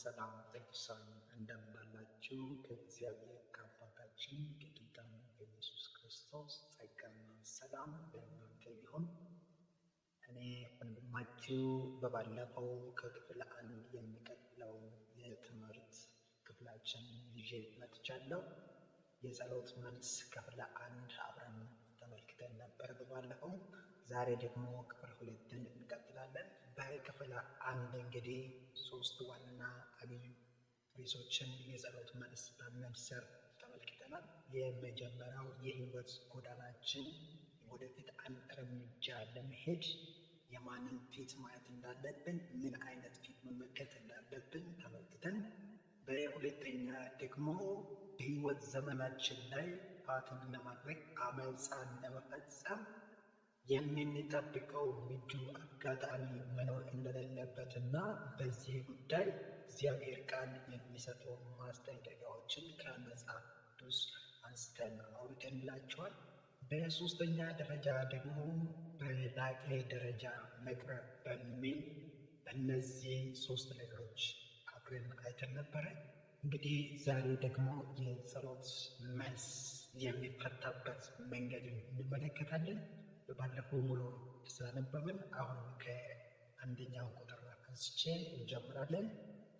ሰላም ቅዱሳን እንደምናላችሁ ከእግዚአብሔር ከአባታችን ከጌታችን ከኢየሱስ ክርስቶስ ጸጋና ሰላም በእናንተ ይሁን። እኔ ወንድማችሁ በባለፈው ከክፍል አንድ የሚቀጥለው የትምህርት ክፍላችን ይዤ መጥቻለሁ። የጸሎት መልስ ክፍል አንድ አብረን ተመልክተን ነበር በባለፈው ዛሬ ደግሞ ክፍል ሁለትን እንቀጥላለን። በክፍል አንድ እንግዲህ ሶስት ዋና አብይ ርዕሶችን የጸሎት መልስ በሚል ተመልክተናል። የመጀመሪያው የህይወት ጎዳናችን ወደፊት አንድ እርምጃ ለመሄድ የማንን ፊት ማየት እንዳለብን፣ ምን አይነት ፊት መመልከት እንዳለብን ተመልክተን በሁለተኛ ደግሞ በህይወት ዘመናችን ላይ ጥፋትን ለማድረግ አመፃን ለመፈጸም የምንጠብቀው ምቹ አጋጣሚ መኖር እንደሌለበትና በዚህ ጉዳይ እግዚአብሔር ቃል የሚሰጡ ማስጠንቀቂያዎችን ከመጽሐፍ ቅዱስ አንስተን አውርደንላችኋል። በሶስተኛ ደረጃ ደግሞ በላቀ ደረጃ መቅረብ በሚል በእነዚህ ሶስት ነገሮች አብረን አይተን ነበረ። እንግዲህ ዛሬ ደግሞ የጸሎት መልስ የሚፈታበት መንገድ እንመለከታለን። ባለፈው ሙሉ ስላነበብን አሁን ከአንደኛው ቁጥር አንስቼ እንጀምራለን።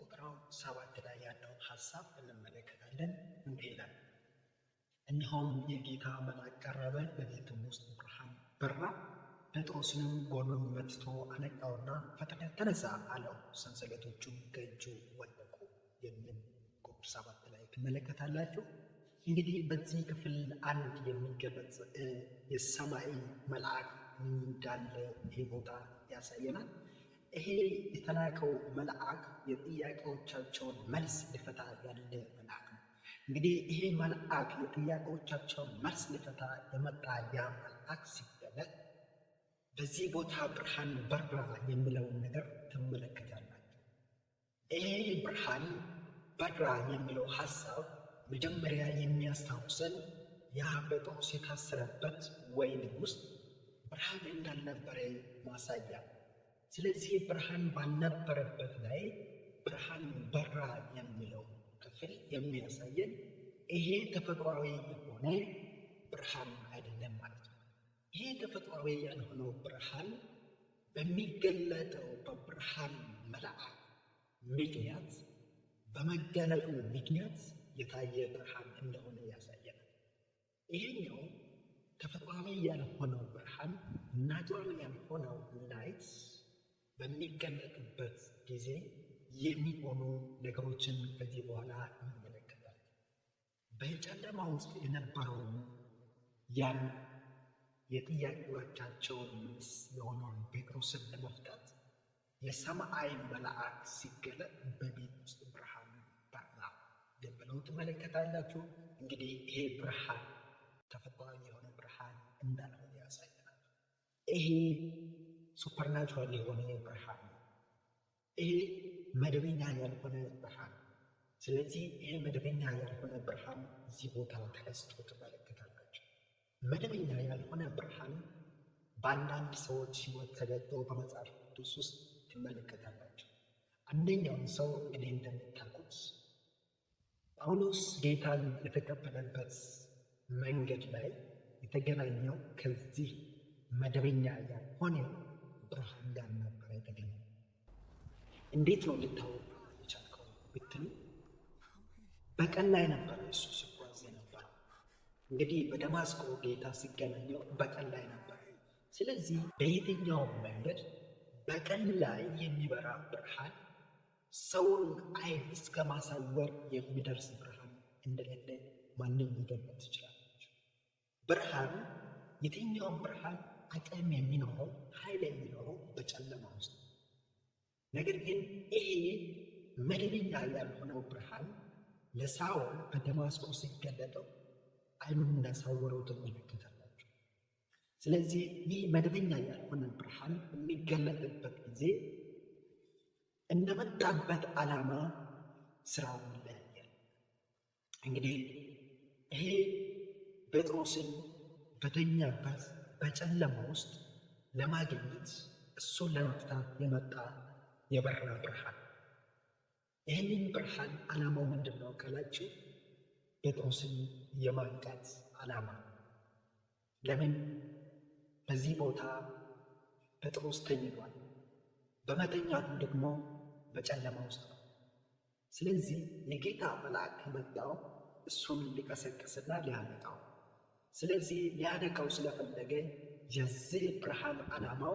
ቁጥራው ሰባት ላይ ያለውን ሀሳብ እንመለከታለን። እንዲህ ይላል፣ እነሆም የጌታ መልአክ ቀረበ፣ በቤትም ውስጥ ብርሃን በራ። ጴጥሮስንም ጎኑን መትቶ አነቃውና ፈጥነህ ተነሳ አለው፣ ሰንሰለቶቹም ከእጁ ወደቁ። የሚል ቁጥር ሰባት ላይ ትመለከታላችሁ። እንግዲህ በዚህ ክፍል አንድ የሚገለጽ የሰማይ መልአክ እንዳለ ይህ ቦታ ያሳየናል። ይሄ የተላከው መልአክ የጥያቄዎቻቸውን መልስ ሊፈታ ያለ መልአክ ነው። እንግዲህ ይሄ መልአክ የጥያቄዎቻቸውን መልስ ሊፈታ የመጣ ያ መልአክ ሲገለጥ በዚህ ቦታ ብርሃን በራ የሚለውን ነገር ትመለከታላችሁ። ይሄ ብርሃን በራ የሚለው ሀሳብ መጀመሪያ የሚያስታውሰን የሀበጦስ የታሰረበት ወይን ውስጥ ብርሃን እንዳልነበረ ማሳያ። ስለዚህ ብርሃን ባልነበረበት ላይ ብርሃን በራ የሚለው ክፍል የሚያሳየን ይሄ ተፈጥሯዊ የሆነ ብርሃን አይደለም ማለት ነው። ይሄ ተፈጥሯዊ ያልሆነው ብርሃን በሚገለጠው በብርሃን መልአክ ምክንያት በመገለጡ ምክንያት የታየ ብርሃን እንደሆነ ያሳያል። ይሄኛው ተፈጥሯዊ ያልሆነው ብርሃን ናቹራል ያልሆነው ላይት በሚገለጥበት ጊዜ የሚሆኑ ነገሮችን ከዚህ በኋላ እንመለከታለን። በጨለማ ውስጥ የነበረውን ያን የጥያቄዎቻቸውን ምስ የሆነውን ጴጥሮስን ለመፍታት የሰማይ መልአክ ሲገለጥ ለውጥ ትመለከታላችሁ። እንግዲህ ይሄ ብርሃን ተፈጥሯዊ የሆነ ብርሃን እንዳልሆነ ያሳየናል። ይሄ ሱፐርናቹራል የሆነ ብርሃን ነው። ይሄ መደበኛ ያልሆነ ብርሃን ስለዚህ ይሄ መደበኛ ያልሆነ ብርሃን እዚህ ቦታ ተከስቶ ትመለከታላችሁ። መደበኛ ያልሆነ ብርሃን በአንዳንድ ሰዎች ሕይወት ተገልጦ በመጽሐፍ ቅዱስ ውስጥ ትመለከታላችሁ። አንደኛውን ሰው እንግዲህ እንደምታውቁት ጳውሎስ ጌታን የተቀበለበት መንገድ ላይ የተገናኘው ከዚህ መደበኛ ያልሆነ ብርሃን ጋር ነበር የተገኘ። እንዴት ነው ልታወቅ የቻልከው ብትሉ በቀን ላይ ነበረ እሱ ሲጓዝ ነበር። እንግዲህ በደማስቆ ጌታ ሲገናኘው በቀን ላይ ነበረ። ስለዚህ በየትኛውም መንገድ በቀን ላይ የሚበራ ብርሃን ሰውን አይን እስከ ማሳወር የሚደርስ ብርሃን እንደሌለ ማንም ሊገምት ትችላለች። ብርሃን የትኛውም ብርሃን አቅም የሚኖረው ኃይል የሚኖረው በጨለማ ውስጥ ነው። ነገር ግን ይሄ መደበኛ ያልሆነው ብርሃን ለሳውል በደማስቆ ሲገለጠው አይኑን እንዳሳወረው ትመለከታላችሁ። ስለዚህ ይህ መደበኛ ያልሆነ ብርሃን የሚገለጥበት ጊዜ እንደመጣበት ዓላማ ስራውን ለያል። እንግዲህ ይሄ ጴጥሮስን በተኛበት በጨለማ ውስጥ ለማግኘት እሱን ለመፍታት የመጣ የበራ ብርሃን። ይህንን ብርሃን ዓላማው ምንድን ነው ካላችሁ ጴጥሮስን የማንቃት ዓላማ። ለምን በዚህ ቦታ ጴጥሮስ ተኝቷል። በመተኛቱ ደግሞ በጨለማ ውስጥ ነው። ስለዚህ የጌታ መልአክ ከመጣው እሱን ሊቀሰቅስና ሊያነቃው ስለዚህ ሊያነቃው ስለፈለገ የዚህ ብርሃን ዓላማው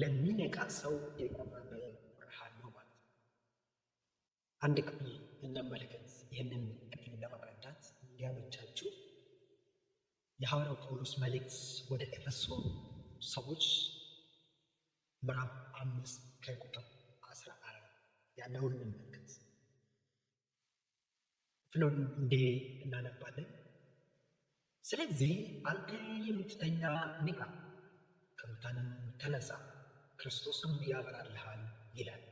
ለሚነቃ ሰው የቀረበ ብርሃን ነው ማለት ነው። አንድ ክፍል እንመልከት። ይህንን ክፍል ለመረዳት እንዲያመቻችሁ የሐዋርያው ጳውሎስ መልእክት ወደ ኤፌሶን ሰዎች ምዕራፍ አምስት ከቁጥር ያለውን እንመልከት። ክፍሉን እንዲህ እናነባለን። ስለዚህ አልጋዬ የምትተኛ ንቃ፣ ከሙታንም ተነሳ፣ ክርስቶስም ያበራልሃል ይላል።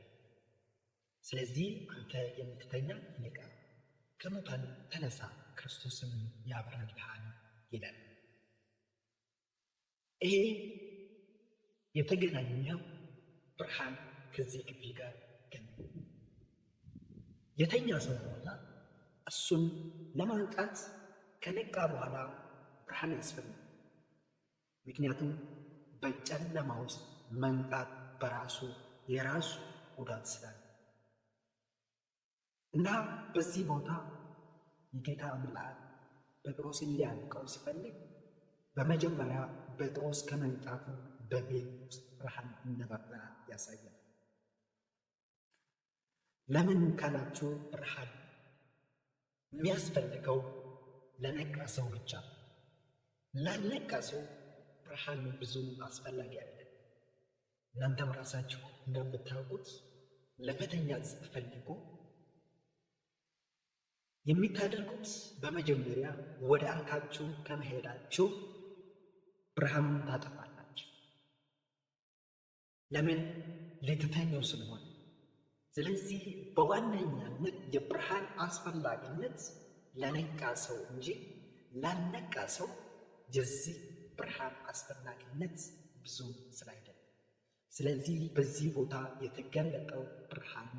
ስለዚህ አንተ የምትተኛ ንቃ፣ ከሙታንም ተነሳ፣ ክርስቶስም ያበራልሃል ይላል። ይሄ የተገናኘው ብርሃን ከዚህ ክፍል ጋር ግን የተኛ ሰው በኋላ እሱን ለማንቃት ከነቃ በኋላ ብርሃን ያስፈልጋል። ምክንያቱም በጨለማ ውስጥ መንቃት በራሱ የራሱ ጉዳት ስላለ እና በዚህ ቦታ የጌታ አምላክ ጴጥሮስ እንዲያንቀው ሲፈልግ በመጀመሪያ ጴጥሮስ ከመንቃቱ በቤት ውስጥ ብርሃን እንደነበረ ያሳያል። ለምን ካላችሁ ብርሃን የሚያስፈልገው ለነቃ ሰው ብቻ። ላልነቃ ሰው ብርሃን ብዙም አስፈላጊ አይደለም። እናንተም ራሳችሁ እንደምታውቁት ለመተኛት ስትፈልጉ የምታደርጉት በመጀመሪያ ወደ አልጋችሁ ከመሄዳችሁ ብርሃኑን ታጠፋላችሁ። ለምን ልትተኙ ስለሆነ ስለዚህ በዋነኛነት የብርሃን አስፈላጊነት ለነቃ ሰው እንጂ ላልነቃ ሰው የዚህ ብርሃን አስፈላጊነት ብዙ ስላይደለም። ስለዚህ በዚህ ቦታ የተገለጠው ብርሃን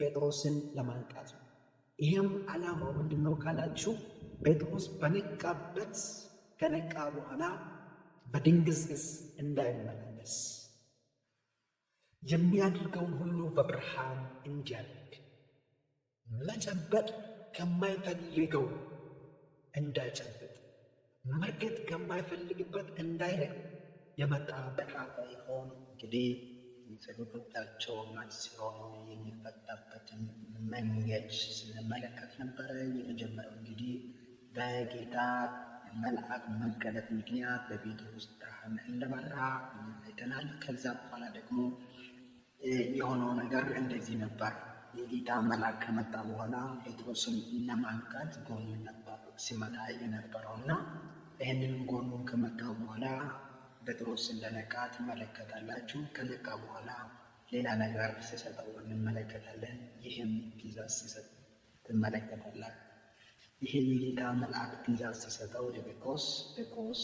ጴጥሮስን ለማንቃት ነው። ይህም ዓላማ ምንድን ነው ካላችሁ ጴጥሮስ በነቃበት ከነቃ በኋላ በድንግዝግዝ እንዳይመላለስ የሚያደርገውን ሁሉ በብርሃን እንዲያደርግ መጨበጥ ከማይፈልገው እንዳይጨብጥ መርገጥ ከማይፈልግበት እንዳይረግ የመጣ በቃ ይሆን እንግዲህ ጸሎታቸውና ሲሆኑ የሚፈታበትን መንገድ ስንመለከት ነበረ። የመጀመሪያው እንግዲህ በጌታ መልአክ መገለጥ ምክንያት በቤት ውስጥ ብርሃን እንደበራ አይተናል። ከዛ በኋላ ደግሞ የሆነው ነገር እንደዚህ ነበር። የጌታ መልአክ ከመጣ በኋላ ጴጥሮስን ለማንቃት ጎኑ ነበር ሲመታ የነበረው እና ይህንን ጎኑ ከመጣ በኋላ ጴጥሮስ እንደነቃ ትመለከታላችሁ። ከነቃ በኋላ ሌላ ነገር ሲሰጠው እንመለከታለን። ይህም ፒዛ ሲሰጥ ትመለከታላችሁ። ይሄ የጌታ መልአክ ፒዛ ሲሰጠው ለጴጥሮስ ጴጥሮስ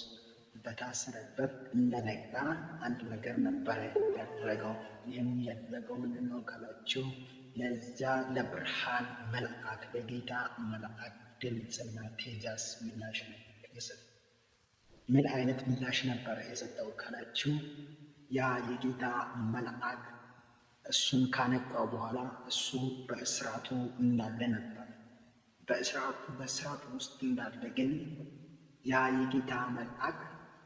በታሰረበት እንደነቃ አንድ ነገር ነበረ ያደረገው። ይህም ያደረገው ምንድነው ካላችሁ ለዛ ለብርሃን መልአክ ለጌታ መልአክ ድምፅና ቴጃስ ምላሽ ነው። ምን አይነት ምላሽ ነበረ የሰጠው ካላችሁ ያ የጌታ መልአክ እሱን ካነቃው በኋላ እሱ በእስራቱ እንዳለ ነበር። በእስራቱ በእስራቱ ውስጥ እንዳለ ግን ያ የጌታ መልአክ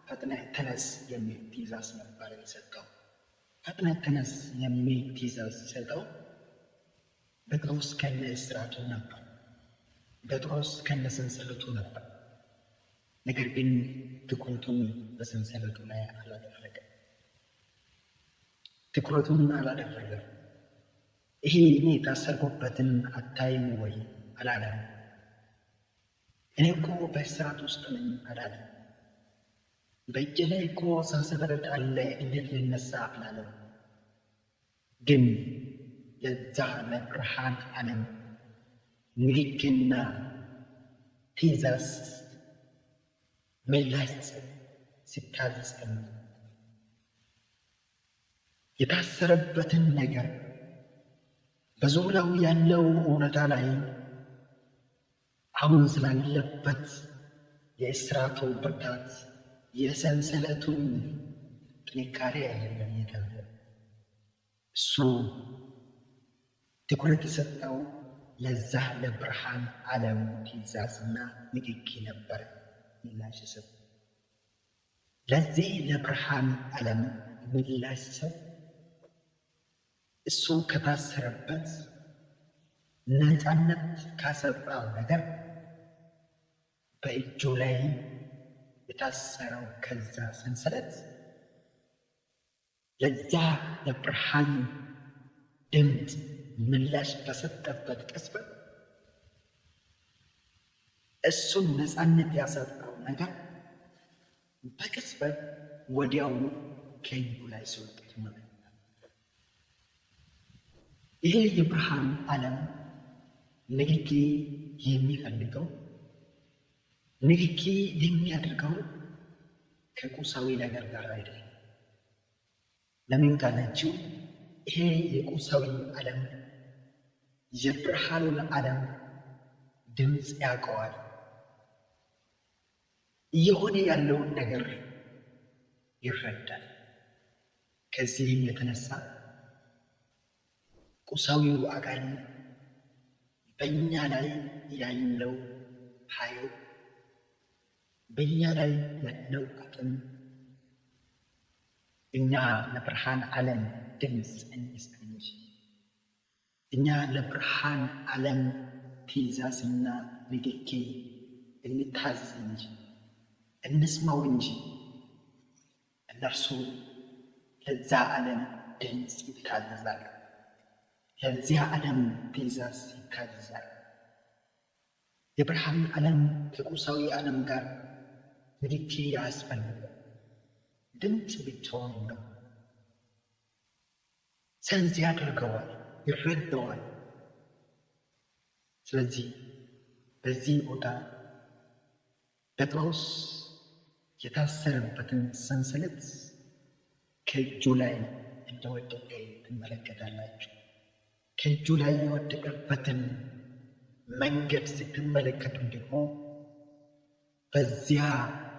ፈጥነህ ተነስ የሚል ትዕዛዝ ነበር የሰጠው። ፈጥነህ ተነስ የሚል ትዕዛዝ ሰጠው። ጴጥሮስ ከነ እስራቱ ነበር። ጴጥሮስ ከነ ሰንሰለቱ ነበር። ነገር ግን ትኩረቱን በሰንሰለቱ ላይ አላደረገ፣ ትኩረቱን አላደረገ። ይሄ እኔ የታሰርኩበትን አታይም ወይ አላለም። እኔ እኮ በእስራት ውስጥ ነኝ አላለም። በእጅ ላይ እኮ ሰንሰለት አለ እንዴት ልነሳ አላለም። ግን ለዛ ለብርሃን ዓለም ንግግና ትእዛዝ ምላሽ ሲታዘዝ የታሰረበትን ነገር በዙሪያው ያለው እውነታ ላይ አሁን ስላለበት የእስራቱ ብርታት የሰንሰለቱን ጥንካሬ አይደለም የተለ እሱ ትኩረት የሰጠው ለዛ ለብርሃን ዓለሙ ትእዛዝና ንግግ ነበር ምላሽ ሰው ለዚህ ለብርሃን ዓለም ምላሽ ሰው እሱ ከታሰረበት ነፃነት ካሰጣው ነገር በእጁ ላይ የታሰረው ከዛ ሰንሰለት ለዛ ለብርሃን ድምፅ ምላሽ በሰጠበት ቅጽበት እሱን ነፃነት ያሰጠው ነገር በቅጽበት ወዲያውኑ ከእጁ ላይ ሲወጥቅ ማለት ይሄ የብርሃን ዓለም ንግግር የሚፈልገው ንክኪ የሚያደርገው ከቁሳዊ ነገር ጋር አይደለም። ለምን ካላችሁ ይሄ የቁሳዊ ዓለም የብርሃኑን ዓለም ድምፅ ያውቀዋል። እየሆነ ያለውን ነገር ይረዳል። ከዚህም የተነሳ ቁሳዊው አካል በእኛ ላይ ያለው ኃይል በእኛ ላይ ያለው አቅም እኛ ለብርሃን ዓለም ድምፅ እንስጠንሽ። እኛ ለብርሃን ዓለም ትእዛዝና ንክኪ እንታዝ እንጂ እንስማው እንጂ እነርሱ ለዛ ዓለም ድምፅ ይታዘዛሉ፣ ለዚያ ዓለም ትእዛዝ ይታዘዛሉ። የብርሃን ዓለም ከቁሳዊ ዓለም ጋር ፍቺ አያስፈልግም። ድምፅ ብቻውን ነው። ሰንስ ያደርገዋል፣ ይረዳዋል። ስለዚህ በዚህ ቦታ ጴጥሮስ የታሰረበትን ሰንሰለት ከእጁ ላይ እንደወደቀ ትመለከታላችሁ። ከእጁ ላይ የወደቀበትን መንገድ ስትመለከቱ ደግሞ በዚያ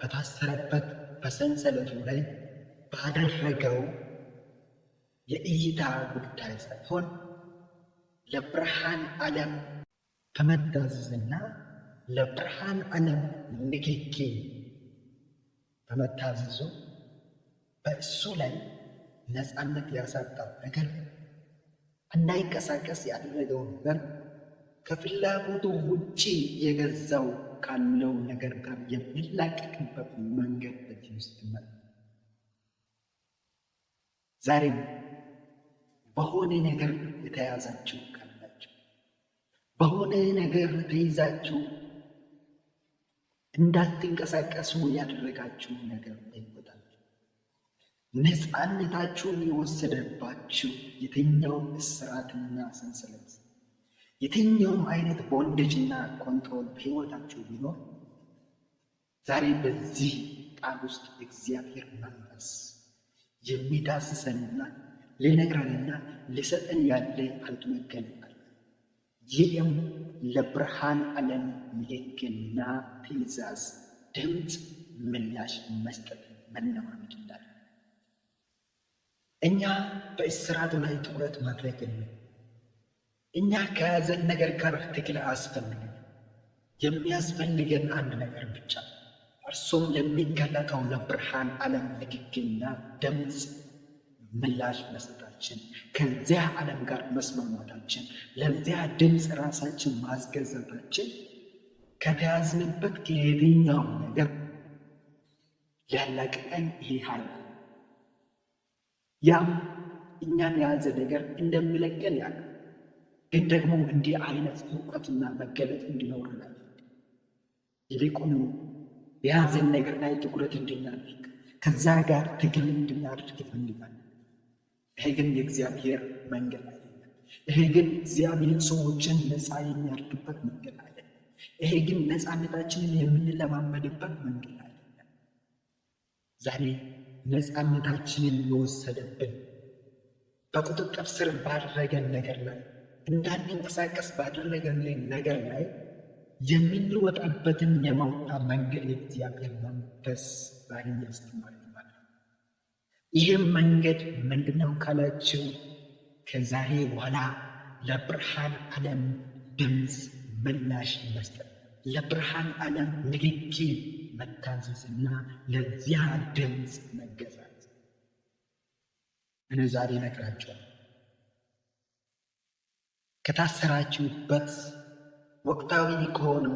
በታሰረበት በሰንሰለቱ ላይ ባደረገው የእይታ ጉዳይ ሳይሆን ለብርሃን ዓለም በመታዘዝና ለብርሃን ዓለም ንክኪ በመታዘዙ በእሱ ላይ ነፃነት ያሳጣው ነገር እንዳይንቀሳቀስ ያደረገው ነገር ከፍላጎቱ ውጪ የገዛው ካለው ነገር ጋር የሚላቀቅበት መንገድ በዚህ ውስጥ መጥ ዛሬም በሆነ ነገር የተያዛችሁ ካላችሁ በሆነ ነገር ተይዛችሁ እንዳትንቀሳቀሱ ያደረጋችሁ ነገር ይወጣል። ነፃነታችሁን የወሰደባችሁ የትኛውም እስራትና ሰንሰለት የትኛውም አይነት እና ኮንትሮል በህይወታቸው ቢኖር ዛሬ በዚህ ቃል ውስጥ እግዚአብሔር መንፈስ የሚዳስሰንና ሊነግረንና ሊሰጠን ያለ አለመገለጥ ይህም ለብርሃን ዓለም ምልክትና ትእዛዝ ድምፅ ምላሽ መስጠት መለማመድ እኛ በእስራት ላይ ትኩረት ማድረግ እኛ ከያዘን ነገር ጋር ትግል አያስፈልግም። የሚያስፈልገን አንድ ነገር ብቻ፣ እርሱም ለሚገለጠው ለብርሃን ዓለም ንግግና ድምፅ ምላሽ መስጠታችን፣ ከዚያ ዓለም ጋር መስማማታችን፣ ለዚያ ድምፅ ራሳችን ማስገዘታችን ከተያዝንበት ከየትኛው ነገር ሊያላቅቀን ይሄ ያም እኛን የያዘ ነገር እንደሚለቀን ያለ ግን ደግሞ እንዲህ አይነት እውቀትና መገለጥ እንዲኖርና ይልቁኑ የያዘን ነገር ላይ ትኩረት እንድናደርግ ከዛ ጋር ትግል እንድናደርግ ይፈልጋል። ይሄ ግን የእግዚአብሔር መንገድ አይደለም። ይሄ ግን እግዚአብሔር ሰዎችን ነፃ የሚያደርግበት መንገድ አይደለም። ይሄ ግን ነፃነታችንን የምንለማመድበት መንገድ አይደለም። ዛሬ ነፃነታችንን የወሰደብን በቁጥጥር ስር ባደረገን ነገር ላይ እንዳንንቀሳቀስ ባደረገልን ነገር ላይ የምንወጣበትን የመውጣ መንገድ የእግዚአብሔር መንፈስ ዛሬ ያስተማር ማለት ይህም መንገድ ምንድነው ካላችሁ ከዛሬ በኋላ ለብርሃን ዓለም ድምፅ ምላሽ መስጠት፣ ለብርሃን ዓለም ንግጊ መታዘዝና ለዚያ ድምፅ መገዛት እኔ ዛሬ ነግራቸዋል። ከታሰራችሁበት ወቅታዊ ከሆነው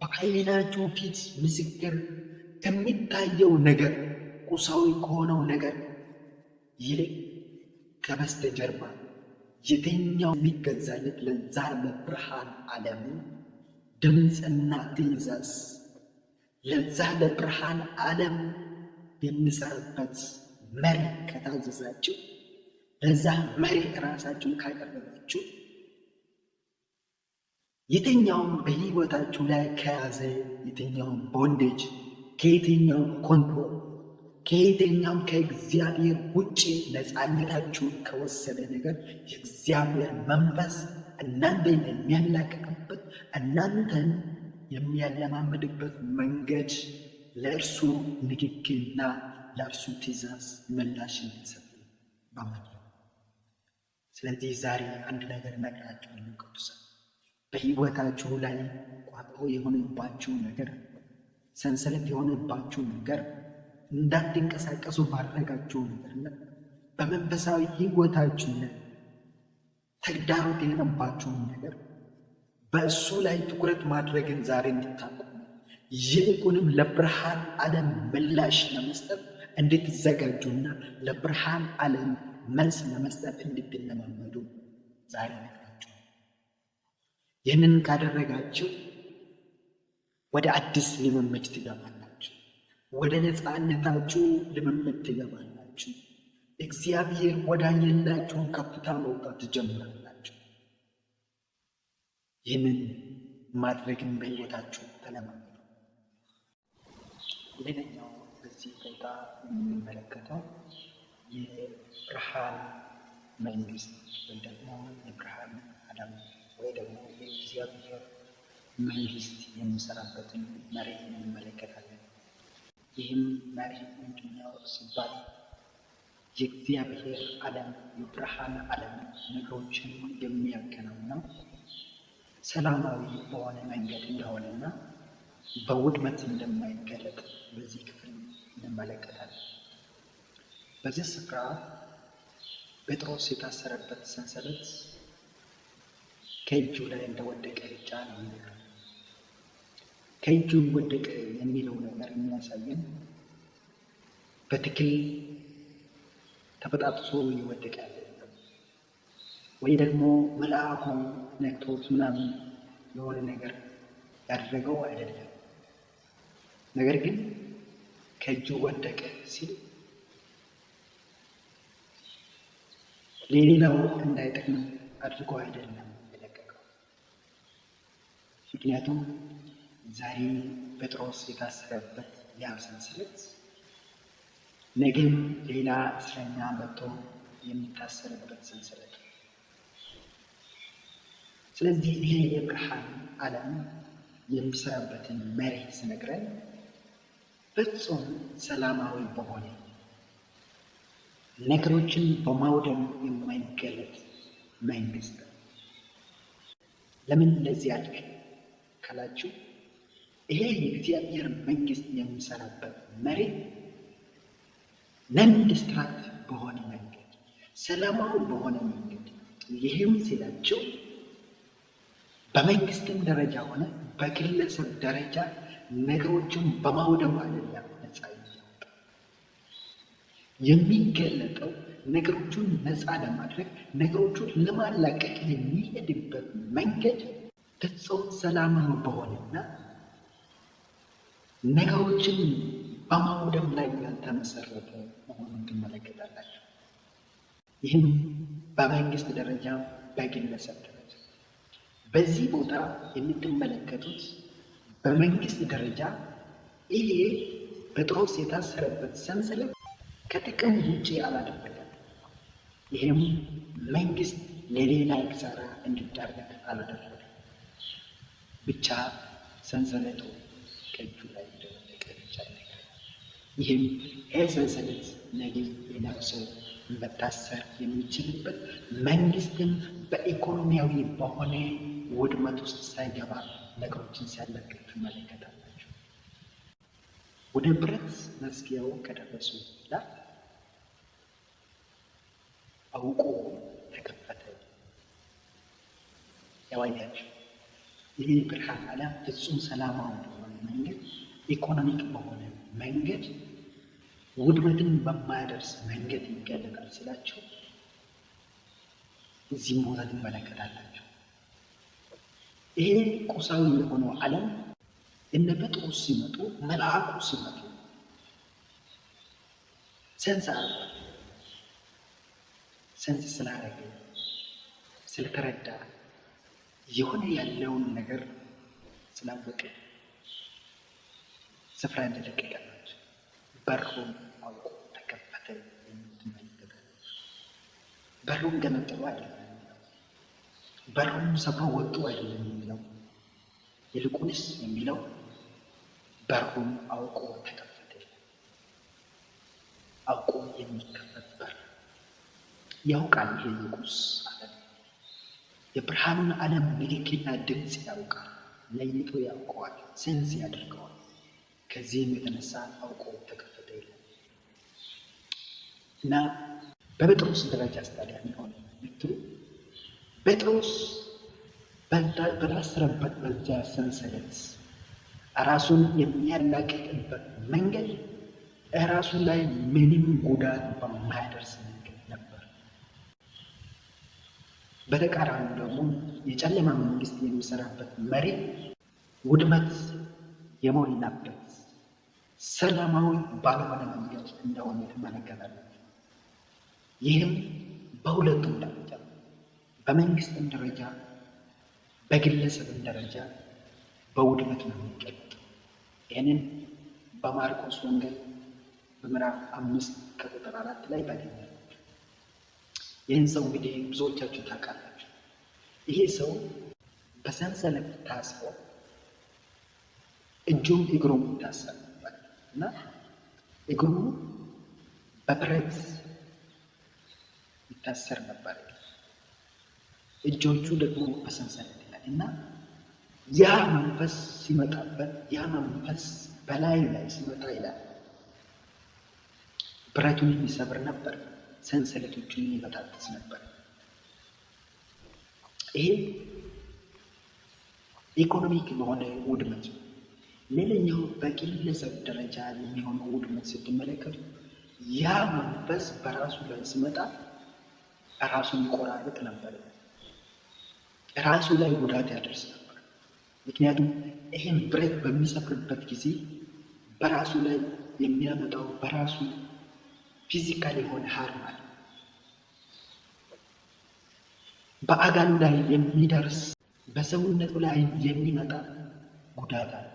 በዓይናችሁ ፊት ምስክር ከሚታየው ነገር ቁሳዊ ከሆነው ነገር ይልቅ ከበስተጀርባ የተኛው የሚገዛለት ለዛለ ብርሃን ዓለም ድምፅና ትእዛዝ ለዛለ ብርሃን ዓለም የምሰርበት መሪ ከታዘዛችሁ ለዛ መሪ ራሳችሁን ካቀረባችሁ የትኛውም በህይወታችሁ ላይ ከያዘ የትኛውም ቦንዴጅ ከየትኛውም ኮንትሮል ከየትኛውም ከእግዚአብሔር ውጭ ነፃነታችሁን ከወሰደ ነገር የእግዚአብሔር መንፈስ እናንተን የሚያላቅቅበት እናንተን የሚያለማምድበት መንገድ ለእርሱ ንግግና ለእርሱ ትእዛዝ ምላሽ እንዲሰጥ በማለት ስለዚህ ዛሬ አንድ ነገር ነግራቸው ቅዱሳን በህይወታችሁ ላይ ቋጥሮ የሆነባችሁ ነገር፣ ሰንሰለት የሆነባችሁ ነገር፣ እንዳትንቀሳቀሱ ባረጋችሁ ነገር፣ በመንፈሳዊ ህይወታችሁ ላይ ተግዳሮት የሆነባችሁን ነገር በእሱ ላይ ትኩረት ማድረግን ዛሬ እንድታቁ ይልቁንም ለብርሃን ዓለም ምላሽ ለመስጠት እንድትዘጋጁና ለብርሃን ዓለም መልስ ለመስጠት እንድትለማመዱ ዛሬ ይህንን ካደረጋችሁ ወደ አዲስ ልምምድ ትገባላችሁ። ወደ ነፃነታችሁ ልምምድ ትገባላችሁ። እግዚአብሔር ወዳኝላችሁን ከፍታ መውጣት ትጀምራላችሁ። ይህንን ማድረግን በሕይወታችሁ ተለማመዱ። ሌላኛው በዚህ ቦታ የምንመለከተው የብርሃን መንግስት ወይ ደግሞ የብርሃን ዓለም ወይ ደግሞ የእግዚአብሔር መንግስት የሚሰራበትን መሬት እንመለከታለን። ይህም መሬት ምንድነው ሲባል የእግዚአብሔር ዓለም የብርሃን ዓለም ነገሮችን የሚያከናውነው ሰላማዊ በሆነ መንገድ እንደሆነና በውድመት እንደማይገለጥ በዚህ ክፍል እንመለከታለን። በዚህ ስፍራ ጴጥሮስ የታሰረበት ሰንሰለት ከእጁ ላይ እንደወደቀ ብቻ ነው የሚነግረን። ከእጁ ወደቀ የሚለው ነገር የሚያሳየን በትክል ተበጣጥሶ የወደቀ ወይ ደግሞ መልአኩ ነክቶት ምናምን የሆነ ነገር ያደረገው አይደለም። ነገር ግን ከእጁ ወደቀ ሲል ለሌላው እንዳይጠቅም አድርጎ አይደለም። ምክንያቱም ዛሬ ጴጥሮስ የታሰረበት ያ ሰንሰለት ነገም ሌላ እስረኛ መጥቶ የሚታሰርበት ሰንሰለት ነው። ስለዚህ ይሄ የብርሃን ዓለም የሚሰራበትን መሪ ስነግረን ፍጹም ሰላማዊ በሆነ ነገሮችን በማውደም የማይገለጥ መንግስት ነው። ለምን ለዚህ አድርግ ከላችሁ ይሄ የእግዚአብሔር መንግስት የሚሰራበት መሬት ነንዲስትራክት በሆነ መንገድ ሰላማዊ በሆነ መንገድ ይህም ሲላቸው በመንግስትም ደረጃ ሆነ በግለሰብ ደረጃ ነገሮችን በማውደም አይደለም ነፃ የሚያወጣ የሚገለጠው ነገሮቹን ነፃ ለማድረግ ነገሮቹን ለማላቀቅ የሚሄድበት መንገድ ፍጹም ሰላማዊ በሆነና ነገሮችን በማውደም ላይ ያልተመሰረተ መሆኑን ትመለከታላችሁ። ይህም በመንግስት ደረጃ በግለሰብ ደረጃ በዚህ ቦታ የምትመለከቱት በመንግስት ደረጃ ይሄ ጴጥሮስ የታሰረበት ሰንሰለት ከጥቅም ውጭ አላደረገም። ይህም መንግስት ለሌላ ኪሳራ እንዲዳረግ አላደረገም። ብቻ ሰንሰለቱ ከእጁ ላይ እንደወደቀ ብቻ ይነግራል። ይህም ይህ ሰንሰለት ነገ ሌላው ሰው መታሰር የሚችልበት መንግስትም በኢኮኖሚያዊ በሆነ ውድመት ውስጥ ሳይገባ ነገሮችን ሲያለቅቅ ትመለከታላቸው። ወደ ብረት መዝጊያው ከደረሱ በኋላ አውቆ ተከፈተ። ያዋያቸው ይህን ብርሃን ዓለም ፍጹም ሰላማዊ በሆነ መንገድ፣ ኢኮኖሚክ በሆነ መንገድ፣ ውድመትን በማያደርስ መንገድ ይገለጣል ስላቸው እዚህም ቦታ ትመለከታላቸው። ይሄ ቁሳዊ የሆነው ዓለም እነ ጴጥሮስ ሲመጡ መልአኩ ሲመጡ ሰንስ አርጓል። ሰንስ ስላረገ ስለተረዳ የሆነ ያለውን ነገር ስላወቀ ስፍራ እንደለቀቀ ናቸው። በሩን አውቆ ተከፈተ የሚትመለከተ በሩን ገነጠሉ አይደለም የሚለው በሩን ሰብሮ ወጡ አይደለም የሚለው ይልቁንስ የሚለው በሩን አውቆ ተከፈተ። አውቆ የሚከፈት በር ያውቃል ይሄ ንጉስ የብርሃኑን ዓለም ንክኪና ድምፅ ያውቃል፣ ለይቶ ያውቀዋል፣ ሴንስ ያደርገዋል። ከዚህም የተነሳ አውቆ ተከፈተ ይላል እና በጴጥሮስ ደረጃ ስታዲያ የሚሆነ ምትሉ ጴጥሮስ በታሰረበት በዚያ ሰንሰለት ራሱን የሚያላቅቅበት መንገድ ራሱ ላይ ምንም ጉዳት በማያደርስ በተቃራኒው ደግሞ የጨለማ መንግስት የሚሰራበት መሪ ውድመት የሞላበት ሰላማዊ ባለሆነ መንገድ እንደሆነ ትመለከታለ ይህም በሁለቱም ደረጃ በመንግስትም ደረጃ በግለሰብም ደረጃ በውድመት ነው የሚገለጥ። ይህንን በማርቆስ ወንጌል በምዕራፍ አምስት ከቁጥር አራት ላይ ታገኛል። ይህን ሰው እንግዲህ ብዙዎቻችሁ ታውቃላችሁ። ይሄ ሰው በሰንሰለት ታስሮ እጁም እግሩም ይታሰር እና እግሩ በብረት ይታሰር ነበር። እጆቹ ደግሞ በሰንሰለት ይላል እና ያ መንፈስ ሲመጣበት ያ መንፈስ በላይ ላይ ሲመጣ ይላል ብረቱን የሚሰብር ነበር። ሰንሰለቶችን ይበጣጥስ ነበር። ይሄ ኢኮኖሚክ በሆነ ውድመት ሌላኛው በግለሰብ ደረጃ የሚሆነው ውድመት ስትመለከቱ ያ መንፈስ በራሱ ላይ ሲመጣ ራሱን ይቆራርጥ ነበር፣ ራሱ ላይ ጉዳት ያደርስ ነበር። ምክንያቱም ይህን ብረት በሚሰፍርበት ጊዜ በራሱ ላይ የሚያመጣው በራሱ ፊዚካል የሆነ ሀርም አለ። በአጋሉ ላይ የሚደርስ በሰውነቱ ላይ የሚመጣ ጉዳት አለ።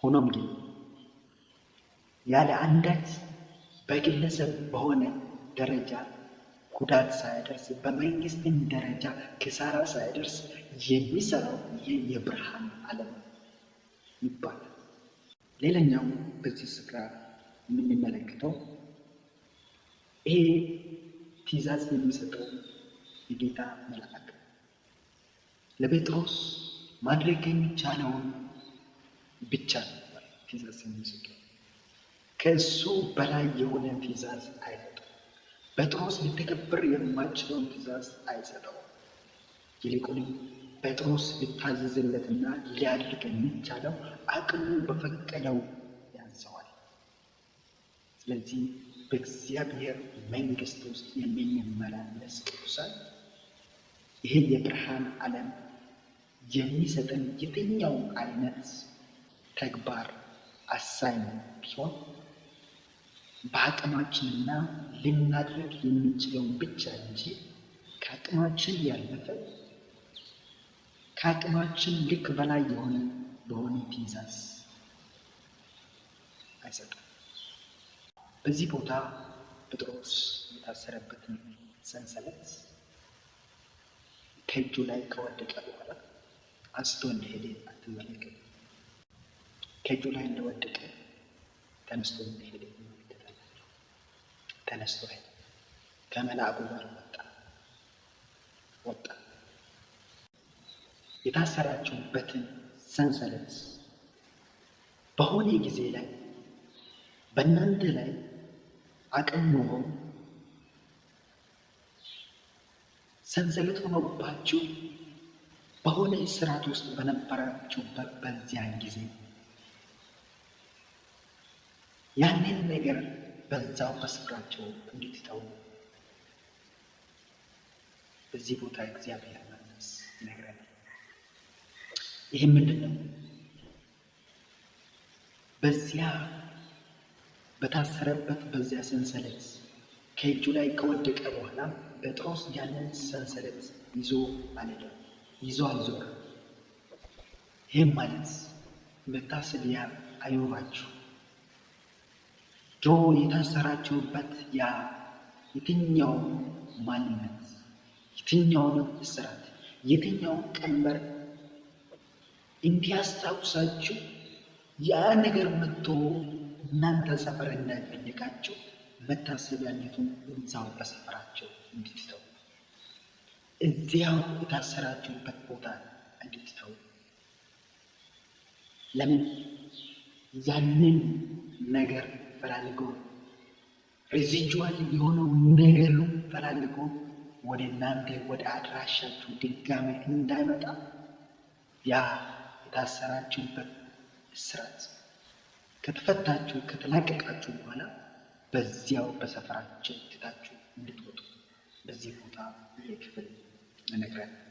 ሆኖም ግን ያለ አንዳች በግለሰብ በሆነ ደረጃ ጉዳት ሳያደርስ በመንግስትም ደረጃ ክሳራ ሳያደርስ የሚሰራው ይህ የብርሃን ዓለም ይባላል። ሌላኛው በዚህ ስፍራ የምንመለከተው ይሄ ትእዛዝ የሚሰጠው የጌታ መልአክ ለጴጥሮስ ማድረግ የሚቻለውን ብቻ ነበር ትእዛዝ የሚሰጠው። ከእሱ በላይ የሆነ ትእዛዝ አይሰጠው። ጴጥሮስ ሊተገብር የማይችለውን ትእዛዝ አይሰጠው። ይልቁንም ጴጥሮስ ሊታዘዝለትና ሊያድርግ የሚቻለው አቅሙ በፈቀደው ስለዚህ በእግዚአብሔር መንግስት ውስጥ የምንመላለስ ቅዱሳን ይህ የብርሃን ዓለም የሚሰጠን የትኛው አይነት ተግባር አሳኝ ቢሆን በአቅማችንና ልናድረግ የምንችለውን ብቻ እንጂ ከአቅማችን ያለፈ ከአቅማችን ልክ በላይ የሆነ በሆነ ትእዛዝ አይሰጥም። በዚህ ቦታ ጴጥሮስ የታሰረበትን ሰንሰለት ከእጁ ላይ ከወደቀ በኋላ አንስቶ እንደሄደ አትመለከት። ከእጁ ላይ እንደወደቀ ተነስቶ እንደሄደ ይመለከታል። ተነስቶ ሄደ። ከመልአኩ ጋር ወጣ ወጣ። የታሰራችሁበትን ሰንሰለት በሆነ ጊዜ ላይ በእናንተ ላይ አቅም ኖሮ ሰንሰለት ሆኖባችሁ በሆነ እስራት ውስጥ በነበራችሁበት በዚያን ጊዜ ያንን ነገር በዛው በስፍራቸው እንድትተው በዚህ ቦታ እግዚአብሔር መንፈስ ይነግረናል። ይህ ምንድን ነው? በዚያ በታሰረበት በዚያ ሰንሰለት ከእጁ ላይ ከወደቀ በኋላ ጴጥሮስ ያንን ሰንሰለት ይዞ ማለት ይዞ አልዞረ። ይህም ማለት መታሰር ያ አይኖራችሁ ጆ የታሰራችሁበት ያ የትኛው ማንነት፣ የትኛውን እስራት፣ የትኛውን ቀንበር እንዲያስታውሳችሁ ያ ነገር መጥቶ እናንተ ሰፈር እንዳይጠየቃቸው መታሰቢያነቱን እዛው በሰፈራቸው እንድትተው እዚያው የታሰራችሁበት ቦታ እንድትተው። ለምን ያንን ነገር ፈላልጎ ሬዚጁዋል የሆነው ነገሩ ፈላልጎ ወደ እናንተ ወደ አድራሻችሁ ድጋሚ እንዳይመጣ ያ የታሰራችሁበት እስራት ከተፈታችሁ ከተላቀቃችሁ በኋላ በዚያው በሰፈራችን ትታችሁ እንድትወጡ በዚህ ቦታ ይህ ክፍል እነግራለሁ።